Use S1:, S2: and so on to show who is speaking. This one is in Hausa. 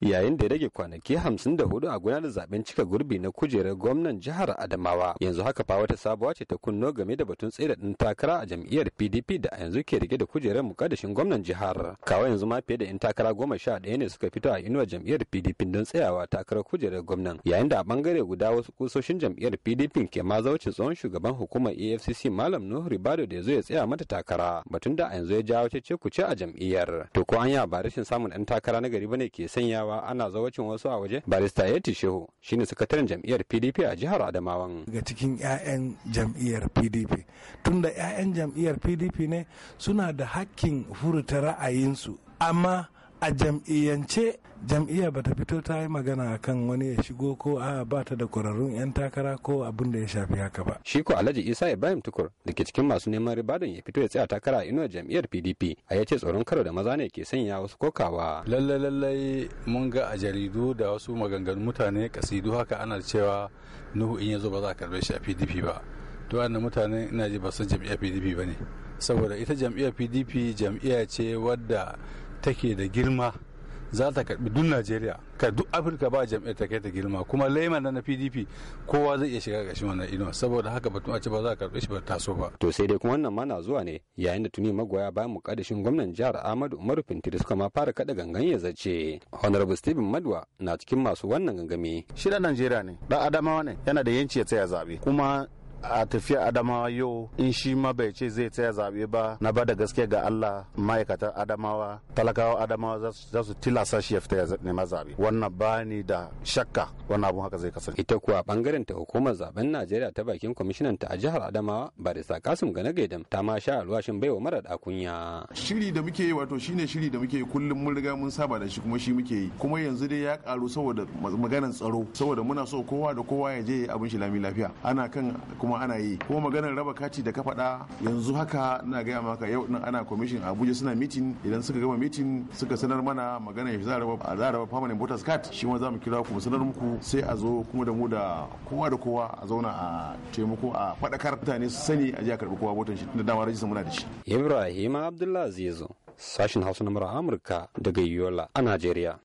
S1: yayin da ya rage kwanaki hamsin da hudu a gudanar zaben cika gurbi na kujerar gwamnan jihar adamawa yanzu haka fa wata sabuwa ce ta kunno game da batun tsira din takara a jam'iyyar pdp da a yanzu ke rike da kujerar mukaddashin gwamnan jihar kawo yanzu ma fiye da yan takara goma sha daya ne suka fito a inuwar jam'iyyar pdp don tsayawa takarar kujerar gwamnan yayin da a bangare guda wasu kusoshin jam'iyyar pdp ke ma zauce tsohon shugaban hukumar efcc malam nuhu ribado da ya zo ya tsaya mata takara batun da a yanzu ya jawo ku ce a jam'iyyar to ko an yi ba rashin samun ɗan takara na gari ne ke sanyawa adamawa ana zawacin wasu a waje barista yeti shehu shine sakataren jam'iyyar pdp a jihar adamawa
S2: ga cikin 'ya'yan jam'iyyar pdp tunda 'ya'yan jam'iyyar pdp ne suna da hakkin furta ra'ayinsu amma a jam'iyyance jam'iyya ba ta fito ta yi magana a kan wani ya shigo ko a ba ta da kwararrun 'yan takara ko abin da ya shafi haka ba.
S1: Shi ko Alhaji Isa Ibrahim Tukur da ke cikin masu neman ribadon ya fito ya tsaya takara a inuwar jam'iyyar PDP a ya ce tsoron karo da maza ne ke sanya wasu kokawa.
S3: lallai lallai mun ga a jaridu da wasu maganganun mutane kasidu haka ana cewa Nuhu in ya zo ba za a karbe shi a PDP ba. To wannan mutane ina ji ba su jam'iyyar PDP ba ne. Saboda ita jam'iyyar PDP jam'iyya ce wadda take da girma za ta karbi duk najeriya ka duk afirka ba jam'iyyar ta kai ta girma kuma laiman na pdp kowa zai iya shiga gashin wannan inuwa saboda haka batun a ci ba za a karbi shi ba taso ba
S1: to sai dai kuma wannan mana zuwa ne yayin da tuni magoya bayan mukaddashin gwamnan jihar ahmadu umaru fintiri suka ma fara kada gangan ya zace honorable stephen madwa na cikin masu wannan gangami shi da najeriya ne da adamawa ne yana da yanci ya tsaya zabe kuma a tafiya adamawa yau in shi ma bai ce zai tsaya zaɓe ba na ba da gaske ga allah ma'aikatan adamawa talakawa adamawa za su tilasa shi ya fita nema zaɓe wannan ba ni da shakka wannan abun haka zai kasance. ita kuwa bangaren ta hukumar zaben najeriya ta bakin kwamishinan ta a jihar adamawa barista kasim gane gaidam ta ma sha alwashin baiwa mara
S4: kunya. shiri da muke yi wato shine shiri da muke yi kullum mun riga mun saba da shi kuma shi muke yi kuma yanzu dai ya karu saboda maganar tsaro saboda muna so kowa da kowa ya je abin shi lami lafiya ana kan kuma ana yi kuma maganar raba kati da ka faɗa yanzu haka na gaya maka yau din ana commission abuja suna meeting idan suka gama meeting suka sanar mana magana za a raba za a raba voters card shi ma za mu kira ku mu sanar muku sai a zo kuma da mu da kowa da kowa a zauna a taimako a faɗakar mutane su sani a ji a karɓi kowa votan shi da dama rajista muna da shi ibrahim
S1: abdullahi zo sashin hausa na amurka daga yola a najeriya